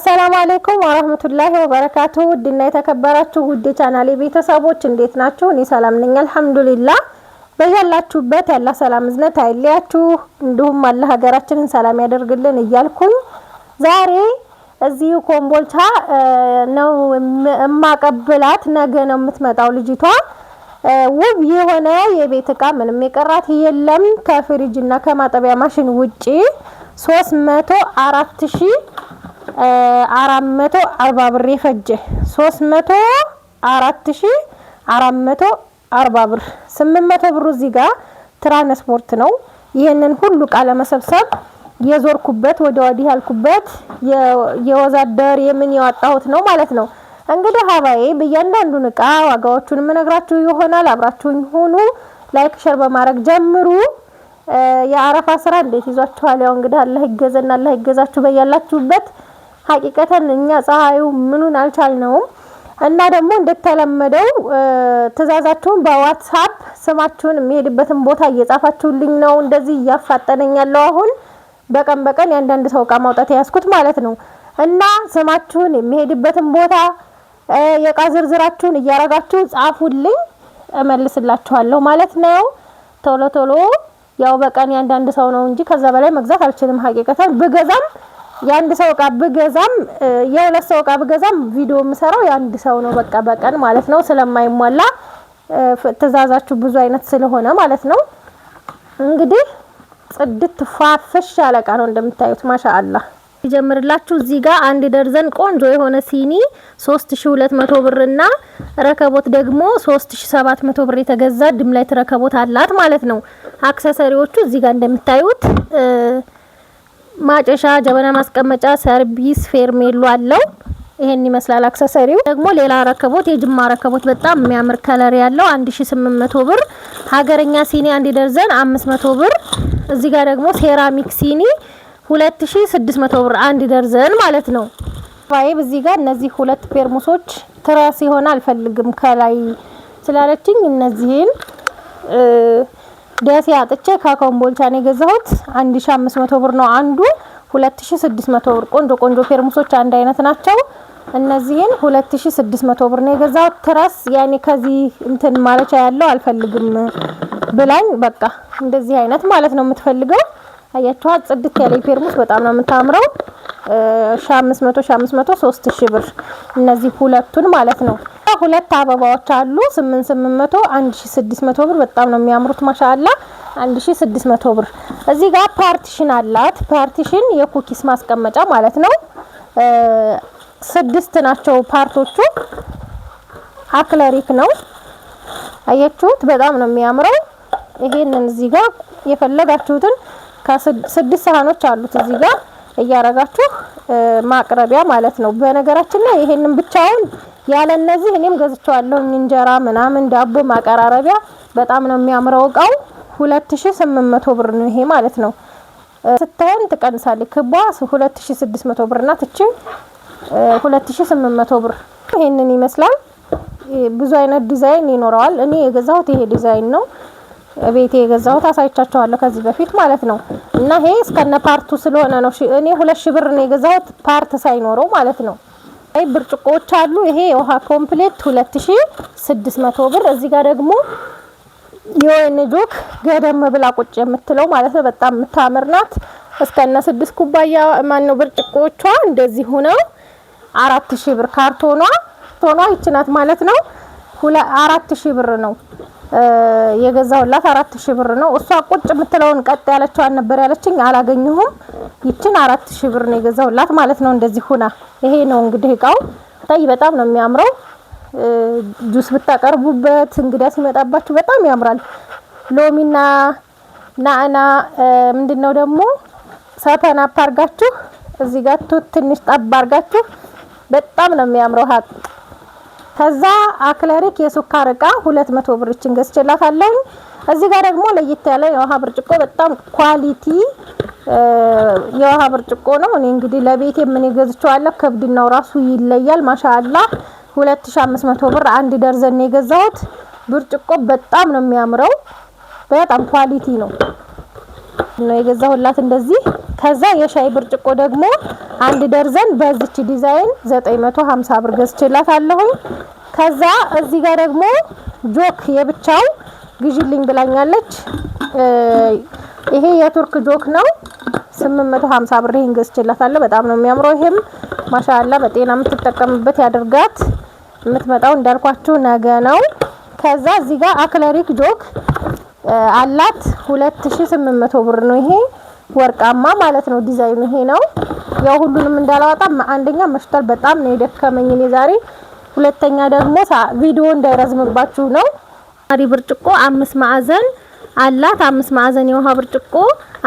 አሰላሙ አሌይኩም ወረህመቱላሂ ወበረካቱሁ ውድና የተከበራችሁ ውድ ቻናሌ ቤተሰቦች እንዴት ናችሁ? እኔ ሰላም ነኝ አልሐምዱሊላህ። በያላችሁበት ያላ ሰላም እዝነት አይለያችሁ፣ እንዲሁም አለ ሀገራችንን ሰላም ያደርግልን እያልኩኝ ዛሬ እዚሁ ኮምቦልቻ ነው የማቀብላት። ነገ ነው የምትመጣው ልጅቷ። ውብ የሆነ የቤት እቃ ምንም የቀራት የለም ከፍሪጅ እና ከማጠቢያ ማሽን ውጪ ሶስት መቶ አራት ሺህ አራት መቶ አርባ ብር የፈጀ ሶስት መቶ አራት ሺ አራት መቶ አርባ ብር ስምንት መቶ ብሩ እዚህ ጋር ትራንስፖርት ነው። ይህንን ሁሉ ቃለ መሰብሰብ የዞርኩበት ወደ ወዲህ ያልኩበት የወዛደር የምን ያወጣሁት ነው ማለት ነው። እንግዲህ ሀባዬ በእያንዳንዱን እቃ ዋጋዎቹን የምነግራችሁ ይሆናል። አብራችሁኝ ሆኑ፣ ላይክ ሸር በማድረግ ጀምሩ። የአረፋ ስራ እንዴት ይዟችኋል? ያው እንግዲህ አላህ ይገዘና አላህ ይገዛችሁ በያላችሁበት ሀቂቀተን እኛ ፀሐዩ ምኑን አልቻልነውም። እና ደግሞ እንደተለመደው ትዕዛዛችሁን በዋትሳፕ ስማችሁን የሚሄድበትን ቦታ እየጻፋችሁልኝ ነው። እንደዚህ እያፋጠነኝ ያለው አሁን በቀን በቀን የአንዳንድ ሰው እቃ ማውጣት የያዝኩት ማለት ነው። እና ስማችሁን የሚሄድበትን ቦታ የእቃ ዝርዝራችሁን እያረጋችሁ ጻፉልኝ፣ እመልስላችኋለሁ ማለት ነው። ቶሎ ቶሎ ያው በቀን የአንዳንድ ሰው ነው እንጂ ከዛ በላይ መግዛት አልችልም። ሀቂቀተን ብገዛም የአንድ ሰው እቃ ብገዛም የሁለት ሰው እቃ ብገዛም ቪዲዮ የምሰራው የአንድ ሰው ነው፣ በቃ በቀን ማለት ነው። ስለማይሟላ ትእዛዛችሁ ብዙ አይነት ስለሆነ ማለት ነው። እንግዲህ ጽድት ፏፍሽ ያለ እቃ ነው እንደምታዩት። ማሻአላ ይጀምርላችሁ። እዚህ ጋር አንድ ደርዘን ቆንጆ የሆነ ሲኒ 3200 ብርና ረከቦት ደግሞ 3700 ብር የተገዛ ድምላይት ረከቦት አላት ማለት ነው። አክሰሰሪዎቹ እዚህ ጋር እንደምታዩት ማጨሻ፣ ጀበና ማስቀመጫ፣ ሰርቪስ፣ ፌርሜሎ አለው። ይሄን ይመስላል አክሰሰሪው። ደግሞ ሌላ ረከቦት፣ የጅማ ረከቦት በጣም የሚያምር ከለር ያለው 1800 ብር። ሀገረኛ ሲኒ አንድ ደርዘን 500 ብር። እዚህ ጋር ደግሞ ሴራሚክ ሲኒ 2600 ብር አንድ ደርዘን ማለት ነው። ቫይብ እዚህ ጋር እነዚህ ሁለት ፌርሙሶች ትራስ ይሆን አልፈልግም ከላይ ስላለችኝ እነዚህን ደሴ አጥቼ ከኮምቦልቻ ነው የገዛሁት። 1500 ብር ነው አንዱ፣ 2600 ብር። ቆንጆ ቆንጆ ፌርሙሶች አንድ አይነት ናቸው። እነዚህን 2600 ብር ነው የገዛሁት። ትራስ ያኔ ከዚህ እንትን ማለቻ ያለው አልፈልግም ብላኝ፣ በቃ እንደዚህ አይነት ማለት ነው የምትፈልገው አያችኋት ጽድት ያለ ፌርሙስ በጣም ነው የምታምረው። ሺ አምስት መቶ ሺህ አምስት መቶ ሶስት ብር እነዚህ ሁለቱን ማለት ነው። ሁለት አበባዎች አሉ ስምንት ስምንት መቶ አንድ ሺ ስድስት መቶ ብር በጣም ነው የሚያምሩት። ማሻአላ አንድ ሺህ ስድስት መቶ ብር። እዚህ ጋር ፓርቲሽን አላት። ፓርቲሽን የኩኪስ ማስቀመጫ ማለት ነው። ስድስት ናቸው ፓርቶቹ። አክለሪክ ነው አያችሁት፣ በጣም ነው የሚያምረው። ይሄንን እዚህ ጋር የፈለጋችሁትን ከስድስት ሳህኖች አሉት እዚህ ጋር እያረጋችሁ ማቅረቢያ ማለት ነው። በነገራችን ላይ ይሄንን ብቻውን ያለ እነዚህ እኔም ገዝቼዋለሁ። እንጀራ ምናምን ዳቦ ማቀራረቢያ በጣም ነው የሚያምረው እቃው 2800 ብር ነው ይሄ ማለት ነው። ስታየን ትቀንሳለች። ክቧ 2600 ብር ናት። እቺ 2800 ብር ይሄንን ይመስላል። ብዙ አይነት ዲዛይን ይኖረዋል። እኔ የገዛሁት ይሄ ዲዛይን ነው። ቤቴ የገዛሁት አሳይቻቸዋለሁ ከዚህ በፊት ማለት ነው። እና ይሄ እስከነ ፓርቱ ስለሆነ ነው። እኔ ሁለት ሺህ ብር ነው የገዛሁት ፓርት ሳይኖረው ማለት ነው። አይ ብርጭቆዎች አሉ። ይሄ የውሃ ኮምፕሌት 2600 ብር። እዚህ ጋር ደግሞ የወይን ጆክ ገደም ብላ ቁጭ የምትለው ማለት ነው። በጣም የምታምር ናት። እስከነ ስድስት ኩባያ ማን ነው ብርጭቆቿ እንደዚህ ሆነው 4000 ብር ካርቶኗ ቶኗ ይችናት ማለት ነው። 4000 ብር ነው የገዛሁላት አራት ሺህ ብር ነው። እሷ ቁጭ የምትለውን ቀጥ ያለችዋን ነበር ያለችኝ፣ አላገኘሁም። ይችን አራት ሺህ ብር ነው የገዛሁላት ማለት ነው። እንደዚህ ሁና ይሄ ነው እንግዲህ እቃው ታይ፣ በጣም ነው የሚያምረው። ጁስ ብታቀርቡበት እንግዳ ሲመጣባችሁ በጣም ያምራል። ሎሚና ናዕና ምንድነው ደግሞ ሰተና አርጋችሁ እዚህ ጋር ትንሽ ጣባ አርጋችሁ በጣም ነው የሚያምረው ሀቅ ከዛ አክለሪክ የሱካር እቃ 200 ብር እችን ገዝቼላታለሁ። እዚህ ጋር ደግሞ ለየት ያለ የውሃ ብርጭቆ በጣም ኳሊቲ የውሃ ብርጭቆ ነው። እኔ እንግዲህ ለቤቴ ምን ገዝቼዋለሁ። ከብድናው ራሱ ይለያል። ማሻአላ 2500 ብር አንድ ደርዘን የገዛሁት ብርጭቆ በጣም ነው የሚያምረው። በጣም ኳሊቲ ነው። ነው የገዛሁላት እንደዚህ። ከዛ የሻይ ብርጭቆ ደግሞ አንድ ደርዘን በዚች ዲዛይን 950 ብር ገዝቼላታለሁ። ከዛ እዚህ ጋር ደግሞ ጆክ የብቻው ግዢልኝ ብላኛለች። ይሄ የቱርክ ጆክ ነው 850 ብር። ይሄን ገዝቼላታለሁ። በጣም ነው የሚያምረው። ይሄም ማሻአላ በጤና የምትጠቀምበት ያደርጋት። የምትመጣው እንዳልኳችሁ ነገ ነው። ከዛ እዚህ ጋር አክለሪክ ጆክ አላት። 2800 ብር ነው ይሄ ወርቃማ ማለት ነው። ዲዛይኑ ይሄ ነው። ያው ሁሉንም እንዳላወጣ አንደኛ መሽቷል፣ በጣም ነው የደከመኝ እኔ ዛሬ። ሁለተኛ ደግሞ ቪዲዮ እንዳይረዝምባችሁ ነው። አሪ ብርጭቆ አምስት ማዕዘን አላት። አምስት ማዕዘን የውሃ ብርጭቆ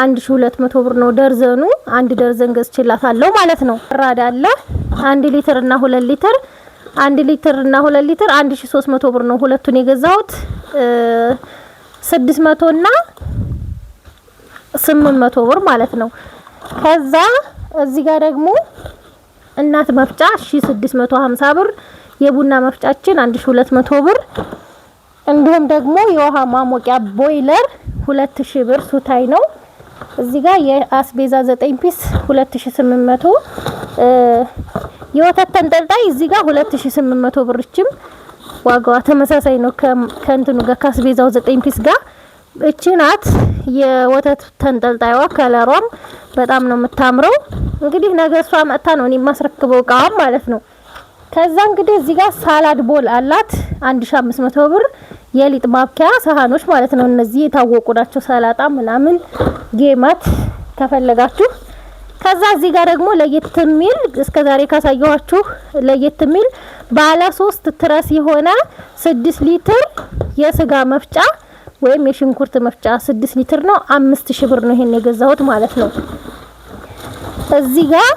1200 ብር ነው ደርዘኑ። አንድ ደርዘን ገዝቼላታለሁ ማለት ነው። ራዳ አለ 1 ሊትር እና 2 ሊትር አንድ ሊትር እና 2 ሊትር 1300 ብር ነው ሁለቱን የገዛሁት። ስድስት መቶ እና ስምንት መቶ ብር ማለት ነው። ከዛ እዚህ ጋር ደግሞ እናት መፍጫ 1650 ብር፣ የቡና መፍጫችን 1200 ብር፣ እንዲሁም ደግሞ የውሃ ማሞቂያ ቦይለር 2000 ብር ሱታይ ነው። እዚህ ጋር የአስቤዛ 9 ፒስ 2800፣ የወተት ተንጠልጣይ እዚህ ጋር 2800 ብርችም ዋጋዋ ተመሳሳይ ነው ከእንትኑ ጋር ካስቤዛው ዘጠኝ ፒስ ጋር እቺ ናት የወተት ተንጠልጣይዋ። ከለሯም በጣም ነው የምታምረው። እንግዲህ ነገ እሷ መጥታ ነው እኔ የማስረክበው እቃዋም ማለት ነው። ከዛ እንግዲህ እዚህ ጋር ሳላድ ቦል አላት 1500 ብር የሊጥ ማብኪያ ሳህኖች ማለት ነው። እነዚህ የታወቁ ናቸው። ሰላጣ ምናምን ጌማት ከፈለጋችሁ ከዛ እዚህ ጋር ደግሞ ለየት የሚል ዛሬ ካሳየኋችሁ ለየት የሚል ባለ ሶስት ትረስ የሆነ ስድስት ሊትር የስጋ መፍጫ ወይም የሽንኩርት መፍጫ ስድስት ሊትር ነው። አምስት ሺህ ብር ነው ይሄን የገዛሁት ማለት ነው። እዚህ ጋር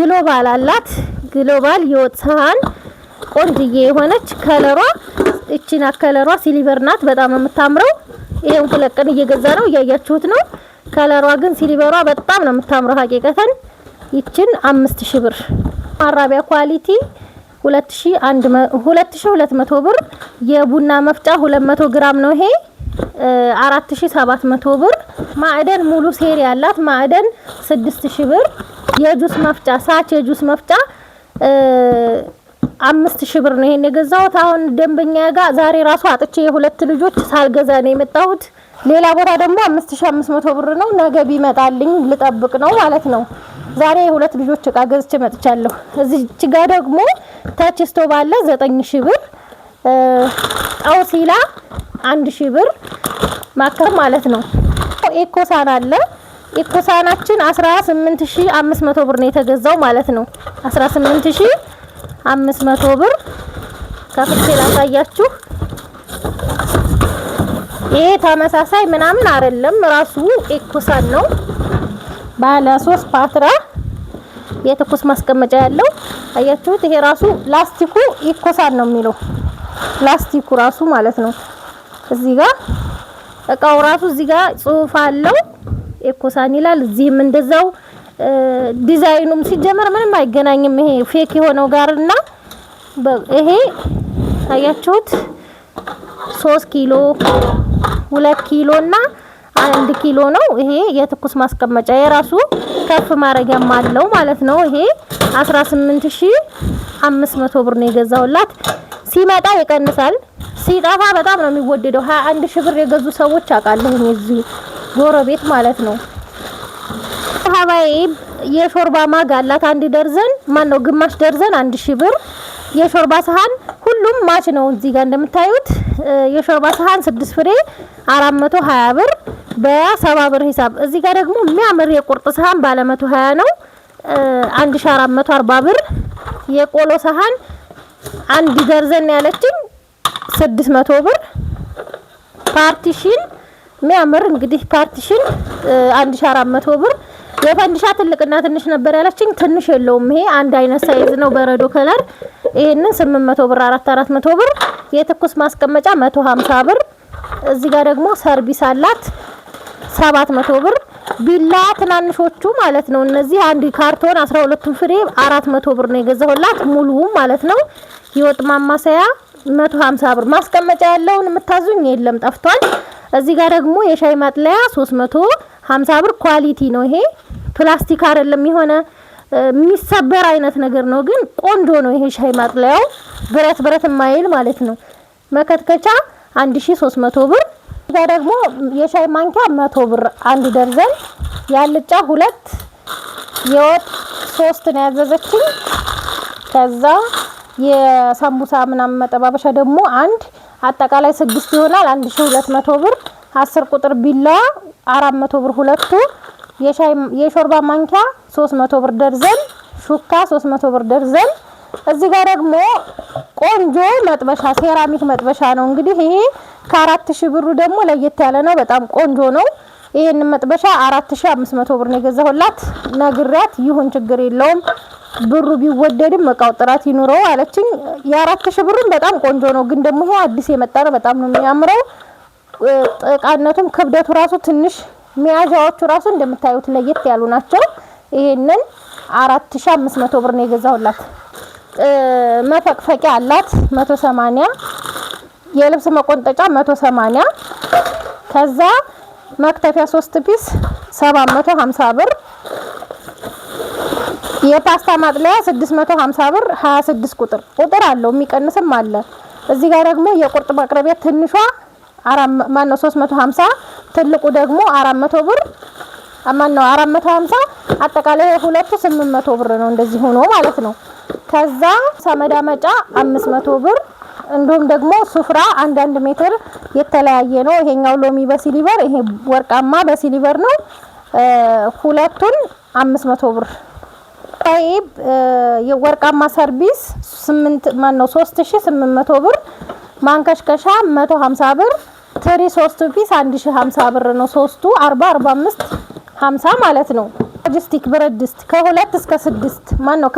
ግሎባል አላት። ግሎባል የወጥ ሰሃን ቆንጅዬ የሆነች ከለሯ እቺና ከለሯ ሲሊቨር ናት። በጣም የምታምረው ይሄን ሁለት ቀን እየገዛ ነው እያያችሁት ነው። ከለሯ ግን ሲሊበሯ በጣም ነው የምታምረው። ሀቂቀተን ይችን አምስት ሺህ ብር ማራቢያ ኳሊቲ 2200 ብር። የቡና መፍጫ 200 ግራም ነው ይሄ 4700 ብር። ማዕደን ሙሉ ሴሪ ያላት ማዕደን 6000 ብር። የጁስ መፍጫ ሳች የጁስ መፍጫ 5000 ብር ነው ይሄን የገዛሁት። አሁን ደንበኛ ጋር ዛሬ ራሱ አጥቼ የሁለት ልጆች ሳልገዛ ነው የመጣሁት። ሌላ ቦታ ደግሞ 5500 ብር ነው። ነገ ቢመጣልኝ ልጠብቅ ነው ማለት ነው። ዛሬ የሁለት ልጆች እቃ ገዝቼ መጥቻለሁ። እዚች ጋ ደግሞ ታች ስቶ ባለ 9000 ብር፣ ጣውሲላ 1000 ብር ማከር ማለት ነው። ኢኮሳን አለ ኢኮሳናችን 18500 ብር ነው የተገዛው ማለት ነው። 18500 ብር ከፍቼ ላሳያችሁ። ይሄ ተመሳሳይ ምናምን አይደለም። ራሱ ኤኩሳን ነው። ባለ ሶስት ፓትራ የትኩስ ማስቀመጫ ያለው አያችሁት። ይሄ ራሱ ላስቲኩ ኢኮሳን ነው የሚለው ላስቲኩ ራሱ ማለት ነው። እዚህ ጋር እቃው ራሱ እዚህ ጋር ጽሁፍ አለው ኢኮሳን ይላል። እዚህም እንደዛው ዲዛይኑም ሲጀመር ምንም አይገናኝም። ይሄ ፌክ የሆነው ጋርና ይሄ አያችሁት 3 ኪሎ ሁለት ኪሎ እና አንድ ኪሎ ነው። ይሄ የትኩስ ማስቀመጫ የራሱ ከፍ ማድረጊያም አለው ማለት ነው። ይሄ 18500 ብር ነው የገዛሁላት። ሲመጣ ይቀንሳል፣ ሲጠፋ በጣም ነው የሚወደደው። 21 ሺህ ብር የገዙ ሰዎች አውቃለሁ፣ እዚህ ጎረቤት ማለት ነው። ሀባይ የሾርባ ማግ አላት። አንድ ደርዘን ማን ነው ግማሽ ደርዘን አንድ ሺህ ብር የሾርባ ሰሃን ሁሉም ማች ነው። እዚህ ጋር እንደምታዩት የሾርባ ሰሃን ስድስት ፍሬ 420 ብር በ70 ብር ሂሳብ። እዚህ ጋር ደግሞ የሚያምር የቁርጥ ሰሃን ባለ 120 ነው 1440 ብር። የቆሎ ሰሃን አንድ ደርዘን ያለችን 600 ብር። ፓርቲሽን የሚያምር እንግዲህ ፓርቲሽን 1400 ብር የፈንድሻ ትልቅና ትንሽ ነበር ያለችኝ። ትንሽ የለውም ይሄ አንድ አይነት ሳይዝ ነው፣ በረዶ ከለር። ይሄንን 800 ብር 4400 ብር፣ የትኩስ ማስቀመጫ 150 ብር። እዚህ ጋር ደግሞ ሰርቪስ አላት 700 ብር። ቢላ ትናንሾቹ ማለት ነው እነዚህ አንድ ካርቶን 12ቱን ፍሬ 400 ብር ነው የገዛሁላት ሙሉ ማለት ነው። የወጥ ማማሰያ 150 ብር። ማስቀመጫ ያለውን የምታዙኝ የለም ጠፍቷል። እዚህ ጋር ደግሞ የሻይ ማጥለያ 350 ብር ኳሊቲ ነው ይሄ። ፕላስቲክ አይደለም የሆነ የሚሰበር አይነት ነገር ነው። ግን ቆንጆ ነው። ይሄ ሻይ ማጥለያው ብረት ብረት ማይል ማለት ነው። መከትከቻ 1300 ብር። እዛ ደግሞ የሻይ ማንኪያ 100 ብር አንድ ደርዘን። ያልጫ ሁለት የወጥ ሶስት ነው ያዘዘችኝ። ከዛ የሳምቡሳ ምናምን መጠባበሻ ደግሞ አንድ አጠቃላይ ስድስት ይሆናል። 1200 ብር። 10 ቁጥር ቢላዋ 400 ብር ሁለቱ የሾርባ ማንኪያ 300 ብር ደርዘን፣ ሹካ 300 ብር ደርዘን። እዚህ ጋር ደግሞ ቆንጆ መጥበሻ ሴራሚክ መጥበሻ ነው። እንግዲህ ይሄ ከአራት ሺህ ብሩ ደግሞ ለየት ያለ ነው። በጣም ቆንጆ ነው። ይሄን መጥበሻ 4500 ብር ነው የገዛሁላት። ነግሪያት ይሁን ችግር የለውም ብሩ ቢወደድም እቃው ጥራት ይኑረው አለችኝ። የአራት ሺህ ብሩን በጣም ቆንጆ ነው፣ ግን ደግሞ ይሄ አዲስ የመጣ ነው። በጣም ነው የሚያምረው። ጥቃነቱም ክብደቱ ራሱ ትንሽ መያዣዎቹ ራሱ እንደምታዩት ለየት ያሉ ናቸው። ይሄንን 4500 ብር ነው የገዛሁላት። መፈቅፈቂያ አላት 180፣ የልብስ መቆንጠጫ 180፣ ከዛ መክተፊያ 3 ፒስ 750 ብር፣ የፓስታ ማጥለያ 650 ብር 26 ቁጥር ቁጥር አለው የሚቀንስም አለ። እዚህ ጋር ደግሞ የቁርጥ ማቅረቢያ ትንሿ ማን ነው 350 ትልቁ ደግሞ 400 ብር ማን ነው 450 አጠቃላይ ሁለቱ 800 ብር ነው። እንደዚህ ሆኖ ማለት ነው። ከዛ ሰመዳ መጫ 500 ብር እንዲሁም ደግሞ ሱፍራ አንዳንድ ሜትር የተለያየ ነው። ይሄኛው ሎሚ በሲሊቨር ይሄ ወርቃማ በሲሊቨር ነው። ሁለቱን 500 ብር ጠይብ የወርቃማ ሰርቪስ 8 ማን ነው 3800 ብር ማንከሽከሻ 150 ብር፣ ትሪ 3 ፒስ 1050 ብር ነው። ሶስቱ 40 45 50 ማለት ነው። ሎጂስቲክ ብረት ድስት ከ2 እስከ 6 ማን ነው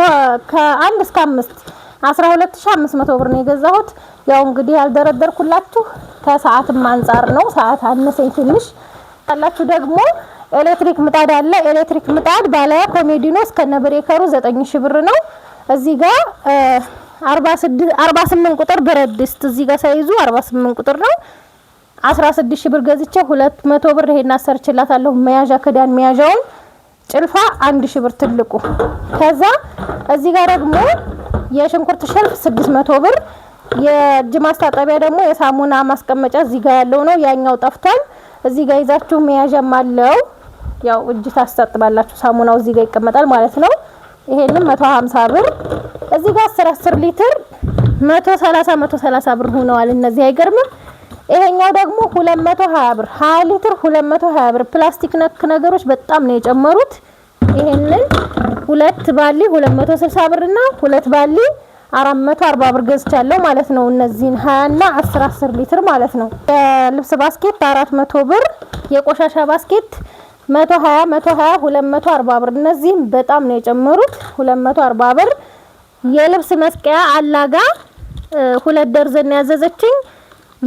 ከ1 እስከ 5 12500 ብር ነው የገዛሁት። ያው እንግዲህ ያልደረደርኩላችሁ ከሰዓትም አንጻር ነው። ሰዓት አነሰኝ ትንሽ ያላችሁ ደግሞ ኤሌክትሪክ ምጣድ አለ። ኤሌክትሪክ ምጣድ ባለ ኮሜዲኖ እስከነ ብሬከሩ 9000 ብር ነው። እዚህ ጋር 48 ቁጥር ብረት ድስት እዚህ ጋር ሳይዙ 48 ቁጥር ነው። 16 ሺህ ብር ገዝቼ 200 ብር ይሄን አሰርችላታለሁ። መያዣ ክዳን መያዣውን ጭልፋ 1 ሺህ ብር ትልቁ። ከዛ እዚህ ጋር ደግሞ የሽንኩርት ሸልፍ 600 ብር፣ የእጅ ማስታጠቢያ ደግሞ የሳሙና ማስቀመጫ እዚህ ጋር ያለው ነው። ያኛው ጠፍቷል። እዚህ ጋር ይዛችሁ መያዣም አለው። ያው እጅ ታስታጥባላችሁ። ሳሙናው እዚህ ጋር ይቀመጣል ማለት ነው። ይሄንም 150 ብር እዚህ ጋር 10 10 ሊትር 130 130 ብር ሆነዋል። እነዚህ አይገርምም? ይሄኛው ደግሞ 220 ብር 20 ሊትር 220 ብር። ፕላስቲክ ነክ ነገሮች በጣም ነው የጨመሩት። ይሄንን ሁለት ባሊ 260 ብር እና ሁለት ባሊ 440 ብር ገዝቻለሁ ማለት ነው። እነዚህን 20 እና 10 10 ሊትር ማለት ነው። የልብስ ባስኬት 400 ብር፣ የቆሻሻ ባስኬት 120 120 240 ብር። እነዚህም በጣም ነው የጨመሩት 240 ብር የልብስ መስቀያ አላጋ ሁለት ደርዘን ያዘዘችኝ።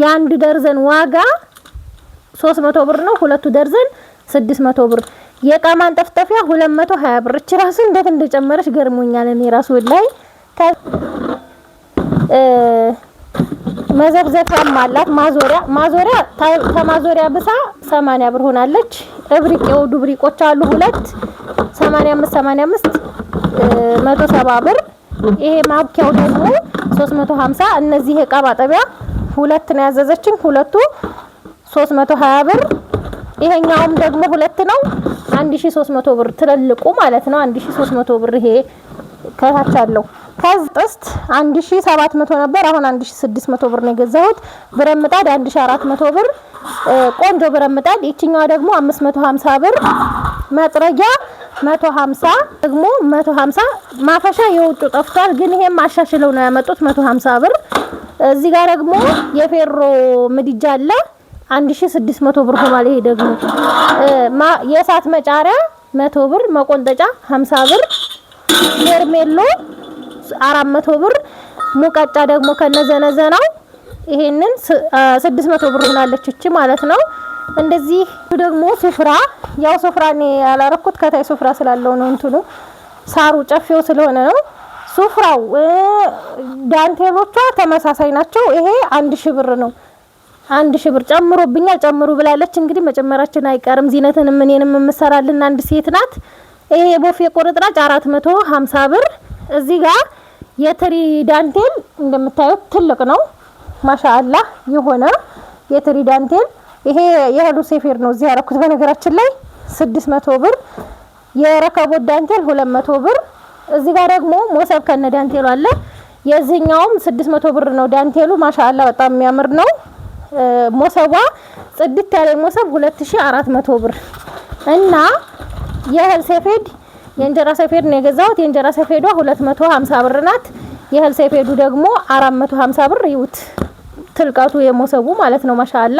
የአንድ ደርዘን ዋጋ 300 ብር ነው። ሁለቱ ደርዘን 600 ብር። የእቃ ማንጠፍጠፊያ 220 ብር። እቺ ራሱ እንዴት እንደጨመረች ገርሞኛል። እኔ ራሱ ላይ መዘብዘፊያም አላት። ማዞሪያ ማዞሪያ ከማዞሪያ ብሳ 80 ብር ሆናለች። እብሪቅ የወዱ ብሪቆች አሉ ሁለት 85 85 170 ብር ይሄ ማብኪያው ደግሞ 350። እነዚህ የእቃ ማጠቢያ ሁለት ነው ያዘዘችኝ። ሁለቱ 320 ብር፣ ይሄኛውም ደግሞ ሁለት ነው 1300 ብር። ትልልቁ ማለት ነው 1300 ብር። ይሄ ከታች አለው ከዚህ ጥስት 1700 ነበር፣ አሁን 1600 ብር ነው የገዛሁት። ብረት ምጣድ 1400 ብር፣ ቆንጆ ብረት ምጣድ። ይቺኛዋ ደግሞ 550 ብር። መጥረጊያ መቶ ሀምሳ ደግሞ መቶ ማፈሻ የውጡ ጠፍቷል፣ ግን ይሄም ማሻሽለው ነው ያመጡት መቶ ሀምሳ ብር። እዚህ ጋር ደግሞ የፌሮ ምድጃ አለ 1600 ብር ሆኗል። ይሄ ደግሞ የእሳት መጫሪያ መቶ ብር፣ መቆንጠጫ 50 ብር፣ ሄርሜሎ 400 ብር፣ ሙቀጫ ደግሞ ከነዘነዘናው ይሄንን 600 ብር ሆናለች እቺ ማለት ነው። እንደዚህ ደግሞ ሱፍራ ያው ሱፍራ እኔ ያላረኩት ከታይ ሱፍራ ስላለው ነው። እንትኑ ሳሩ ጨፌው ስለሆነ ነው። ሱፍራው ዳንቴሎቿ ተመሳሳይ ናቸው። ይሄ አንድ ሺህ ብር ነው። አንድ ሺህ ብር ጨምሮብኛል፣ ጨምሩ ብላለች። እንግዲህ መጨመራችን አይቀርም። ዚነትንም እኔንም የምሰራልን አንድ ሴት ናት። ይሄ ቦፌ ቁርጥራጭ አራት መቶ ሀምሳ ብር። እዚህ ጋር የትሪ ዳንቴል እንደምታዩት ትልቅ ነው። ማሻአላህ የሆነ የትሪ ዳንቴል ይሄ የእህሉ ሴፌር ነው እዚህ ያረኩት። በነገራችን ላይ ስድስት መቶ ብር የረከቦት ዳንቴል ሁለት መቶ ብር እዚህ ጋር ደግሞ ሞሰብ ከነ ዳንቴሉ አለ። የዚህኛውም ስድስት መቶ ብር ነው ዳንቴሉ። ማሻአላ በጣም የሚያምር ነው። ሞሰቧ ጽድት ያለ ሞሰብ ሁለት ሺ አራት መቶ ብር እና የእህል ሰፌድ የእንጀራ ሰፌድ ነው የገዛሁት። የእንጀራ ሰፌዷ ሁለት መቶ ሀምሳ ብር ናት። የእህል ሰፌዱ ደግሞ አራት መቶ ሀምሳ ብር ይዩት። ትልቀቱ የሞሰቡ ማለት ነው። ማሻአላ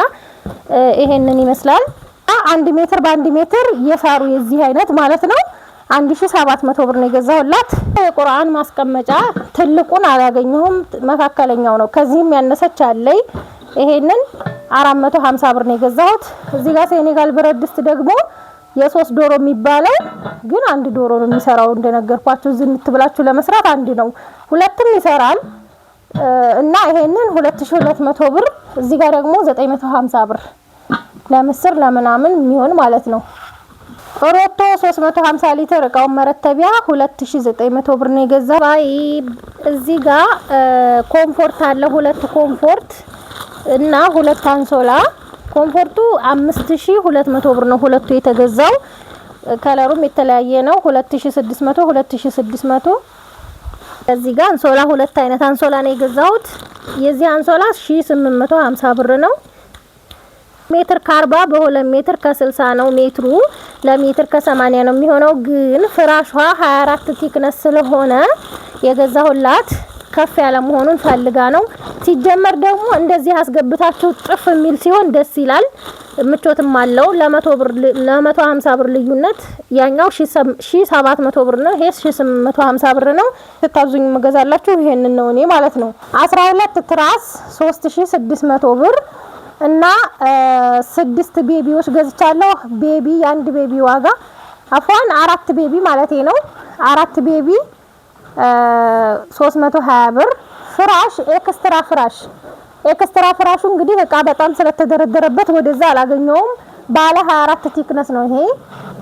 ይሄንን ይመስላል። አንድ ሜትር በአንድ ሜትር የሳሩ የዚህ አይነት ማለት ነው 1700 ብር ነው የገዛሁላት። የቁርአን ማስቀመጫ ትልቁን አላገኘሁም፣ መካከለኛው ነው። ከዚህም ያነሰች አለኝ። ይሄንን 450 ብር ነው የገዛሁት። እዚህ ጋር ሴኔጋል ብረት ድስት ደግሞ የሶስት ዶሮ የሚባለው ግን አንድ ዶሮ ነው የሚሰራው። እንደነገርኳችሁ ዝንት ብላችሁ ለመስራት አንድ ነው፣ ሁለትም ይሰራል። እና ይሄንን 2200 ብር እዚህ ጋር ደግሞ 950 ብር ለምስር ለምናምን የሚሆን ማለት ነው። ሮቶ 350 ሊትር እቃውን መረተቢያ 2900 ብር ነው የገዛው። ባይ እዚህ ጋር ኮምፎርት አለ፣ ሁለት ኮምፎርት እና ሁለት አንሶላ። ኮምፎርቱ 5200 ብር ነው ሁለቱ የተገዛው። ከለሩም የተለያየ ነው። 2600 2600 እዚህ ጋር አንሶላ ሁለት አይነት አንሶላ ነው የገዛሁት። የዚህ አንሶላ 1850 ብር ነው። ሜትር ከአርባ በሁለት ሜትር ከስልሳ ነው ሜትሩ ለሜትር ከሰማንያ ነው የሚሆነው። ግን ፍራሿ 24 ቲክነስ ስለሆነ የገዛሁላት ከፍ ያለ መሆኑን ፈልጋ ነው። ሲጀመር ደግሞ እንደዚህ አስገብታችሁ ጥፍ የሚል ሲሆን ደስ ይላል፣ ምቾትም አለው። ለመቶ ብር ለመቶ ሀምሳ ብር ልዩነት ያኛው ሺ ሰባት መቶ ብር ነው፣ ይሄ ሺ ስምንት መቶ ሀምሳ ብር ነው። ስታዙኝ መገዛላችሁ ይሄንን ነው እኔ ማለት ነው። አስራ ሁለት ትራስ ሶስት ሺ ስድስት መቶ ብር እና ስድስት ቤቢዎች ገዝቻለሁ። ቤቢ የአንድ ቤቢ ዋጋ አፏን አራት ቤቢ ማለት ነው አራት ቤቢ 320 ብር። ፍራሽ ኤክስትራ ፍራሽ ኤክስትራ ፍራሹ እንግዲህ እቃ በጣም ስለተደረደረበት ወደዛ አላገኘውም። ባለ 24 ቲክነስ ነው ይሄ።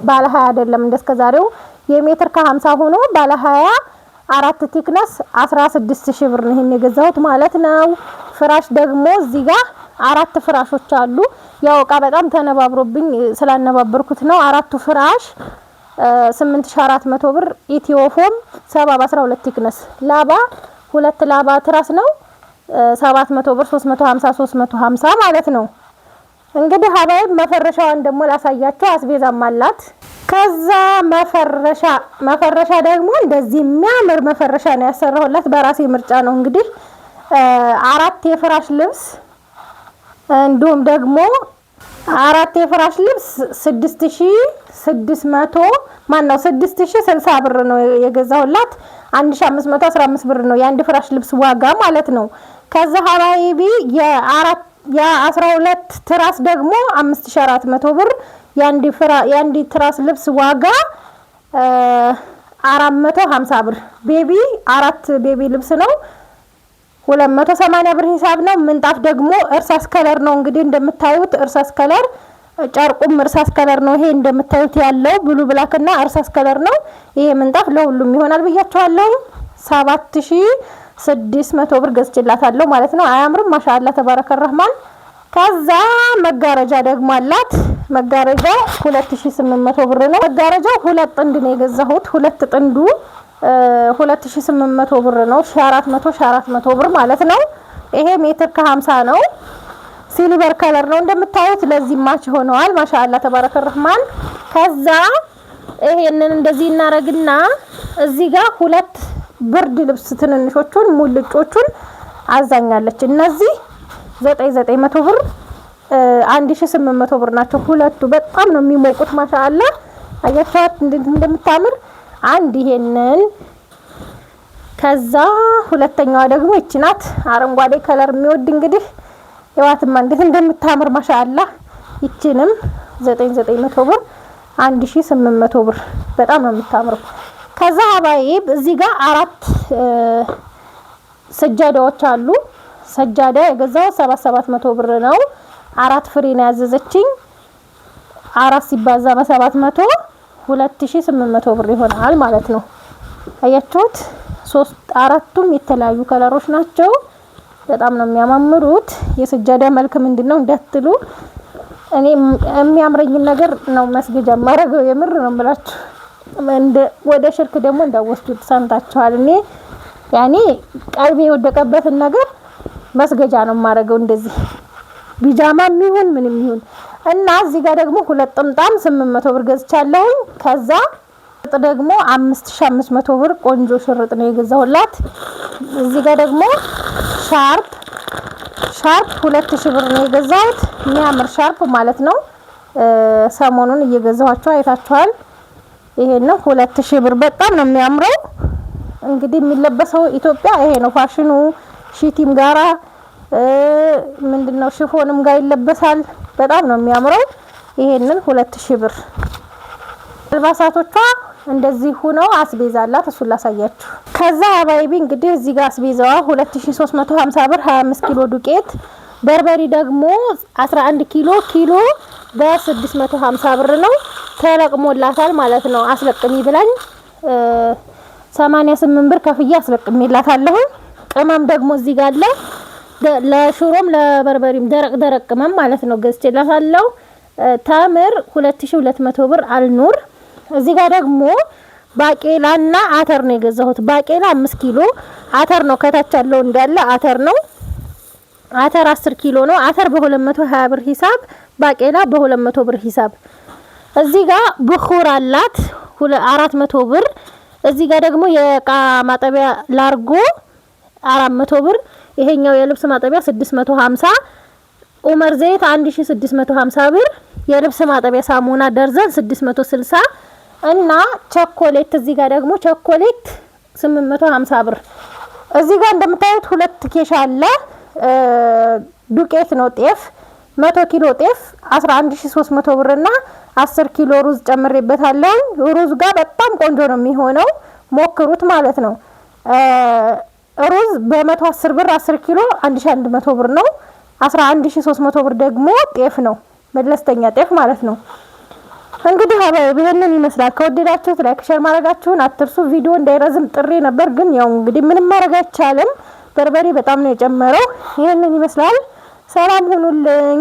ባለ 20 አይደለም እንደስከዛሬው የሜትር ከ50 ሆኖ ባለ 20 አራት ቲክነስ 16 ሺህ ብር ነው ይሄን የገዛሁት ማለት ነው። ፍራሽ ደግሞ እዚህ ጋር አራት ፍራሾች አሉ። ያው እቃ በጣም ተነባብሮብኝ ስላነባበርኩት ነው። አራቱ ፍራሽ 8400 ብር። ኢትዮፎም 70 በ12 ቲክነስ ላባ ሁለት ላባ ትራስ ነው 700 ብር 350 350 ማለት ነው። እንግዲህ ሀባይብ መፈረሻዋን ደግሞ ላሳያቸው። አስቤዛም አላት። ከዛ መፈረሻ መፈረሻ ደግሞ እንደዚህ የሚያምር መፈረሻ ነው ያሰራሁላት በራሴ ምርጫ ነው። እንግዲህ አራት የፍራሽ ልብስ እንዲሁም ደግሞ አራት የፍራሽ ልብስ 6600 ማን ነው 6060 ብር ነው የገዛሁላት። 1515 ብር ነው የአንድ ፍራሽ ልብስ ዋጋ ማለት ነው። ከዛ ሀባይቢ የአራት የ12 ትራስ ደግሞ 5400 ብር የአንድ ፍራ የአንድ ትራስ ልብስ ዋጋ 450 ብር። ቤቢ አራት ቤቢ ልብስ ነው ሁለት መቶ ሰማንያ ብር ሂሳብ ነው። ምንጣፍ ደግሞ እርሳስ ከለር ነው። እንግዲህ እንደምታዩት እርሳስ ከለር ጨርቁም እርሳስ ከለር ነው። ይሄ እንደምታዩት ያለው ብሉ ብላክ እና እርሳስ ከለር ነው። ይሄ ምንጣፍ ለሁሉም ይሆናል ብያቸዋለሁ። ሰባት ሺ ስድስት መቶ ብር ገዝቼላታለሁ ማለት ነው። አያምርም? ማሻአላ ተባረከ ረህማን። ከዛ መጋረጃ ደግሞ አላት። መጋረጃ ሁለት ሺ ስምንት መቶ ብር ነው። መጋረጃው ሁለት ጥንድ ነው የገዛሁት። ሁለት ጥንዱ 2800 ብር ነው። 1400 1400 ብር ማለት ነው። ይሄ ሜትር ከ50 ነው። ሲሊቨር ከለር ነው እንደምታዩት። ለዚህ ማች ሆነዋል። ማሻአላ ተባረከ ረህማን። ከዛ ይሄንን እንደዚህ እናረግና እዚህ ጋር ሁለት ብርድ ልብስ ትንንሾቹን ሙልጮቹን አዛኛለች። እነዚህ 9900 ብር 1800 ብር ናቸው። ሁለቱ በጣም ነው የሚሞቁት። ማሻአላ አያችኋት እንደምታምር አንድ ይሄንን ከዛ ሁለተኛዋ ደግሞ ይቺ ናት። አረንጓዴ ከለር የሚወድ እንግዲህ የዋትማ እንዴት እንደምታምር ማሻአላ። ይችንም 9900 ብር 1800 ብር በጣም ነው የምታምረው። ከዛ አባይብ እዚህ ጋር አራት ሰጃዳዎች አሉ። ሰጃዳ የገዛው 7700 ብር ነው። አራት ፍሬ ነው ያዘዘችኝ። አራት ሲባዛ በ700 2800 ብር ይሆናል ማለት ነው። አያችሁት? ሶስት አራቱም የተለያዩ ከለሮች ናቸው። በጣም ነው የሚያማምሩት። የስጃዳ መልክ ምንድነው እንዳትሉ እኔ የሚያምረኝን ነገር ነው መስገጃ ማረገው። የምር ነው ብላችሁ ወደ ሽርክ ደግሞ እንዳወስዱት ሰምታችኋል። እኔ ያኔ ቀልቤ የወደቀበትን ነገር መስገጃ ነው ማረገው። እንደዚህ ቢጃማ ይሁን ምንም ይሁን እና እዚህ ጋር ደግሞ ሁለት ጥምጣም 800 ብር ገዝቻለሁ። ከዛ ጥጥ ደግሞ 5500 ብር ቆንጆ ሽርጥ ነው የገዛሁላት። እዚህ ጋር ደግሞ ሻርፕ ሻርፕ 2000 ብር ነው የገዛሁት። የሚያምር ሻርፕ ማለት ነው። ሰሞኑን እየገዛኋቸው አይታችኋል። ይሄን ነው 2000 ብር። በጣም ነው የሚያምረው። እንግዲህ የሚለበሰው ኢትዮጵያ ይሄ ነው ፋሽኑ ሺቲም ጋራ ምንድነው ሽፎንም ጋር ይለበሳል። በጣም ነው የሚያምረው። ይሄንን ሁለት ሺህ ብር አልባሳቶቿ እንደዚህ ሆነው አስቤዛ አላት። እሱን ላሳያችሁ። ከዛ አባይቢ እንግዲህ እዚህ ጋር አስቤዛዋ 2350 ብር 25 ኪሎ ዱቄት፣ በርበሪ ደግሞ 11 ኪሎ ኪሎ በ650 ብር ነው። ተለቅሞላታል ማለት ነው። አስለቅሚ ብላኝ 88 ብር ከፍዬ አስለቅሚላታለሁ። ቅመም ደግሞ እዚህ ጋር አለ ለሽሮም ለበርበሪም ደረቅ ደረቅ ቅመም ማለት ነው ላሳለው። ተምር 2200 ብር አልኑር። እዚህ ጋር ደግሞ ባቄላና አተር ነው የገዛሁት። ባቄላ 5 ኪሎ፣ አተር ነው ከታች ያለው እንዳለ አተር ነው። አተር 10 ኪሎ ነው። አተር በ220 ብር ሂሳብ፣ ባቄላ በ200 ብር ሂሳብ። እዚህ ጋር ብኹር አላት 400 ብር። እዚህ ጋር ደግሞ የእቃ ማጠቢያ ላርጎ 400 ብር ይሄኛው የልብስ ማጠቢያ 650 ኡመር ዘይት 1650 ብር፣ የልብስ ማጠቢያ ሳሙና ደርዘን 660 እና ቸኮሌት እዚህ ጋር ደግሞ ቸኮሌት 850 ብር። እዚህ ጋር እንደምታዩት ሁለት ኬሻ አለ። ዱቄት ነው ጤፍ 100 ኪሎ ጤፍ 11300 ብር እና 10 ኪሎ ሩዝ ጨምሬበታለሁ። ሩዝ ጋር በጣም ቆንጆ ነው የሚሆነው፣ ሞክሩት ማለት ነው። ሩዝ በመቶ አስር ብር አስር ኪሎ አንድ ሺ አንድ መቶ ብር ነው። አስራ አንድ ሺ ሶስት መቶ ብር ደግሞ ጤፍ ነው፣ መለስተኛ ጤፍ ማለት ነው። እንግዲህ አባይ ይሄንን ይመስላል። ከወደዳችሁት ላይክ፣ ሼር ማድረጋችሁን አትርሱ። ቪዲዮ እንዳይረዝም ጥሪ ነበር፣ ግን ያው እንግዲህ ምንም ማድረግ አይቻልም። በርበሬ በጣም ነው የጨመረው። ይሄንን ይመስላል። ሰላም ሁኑልኝ።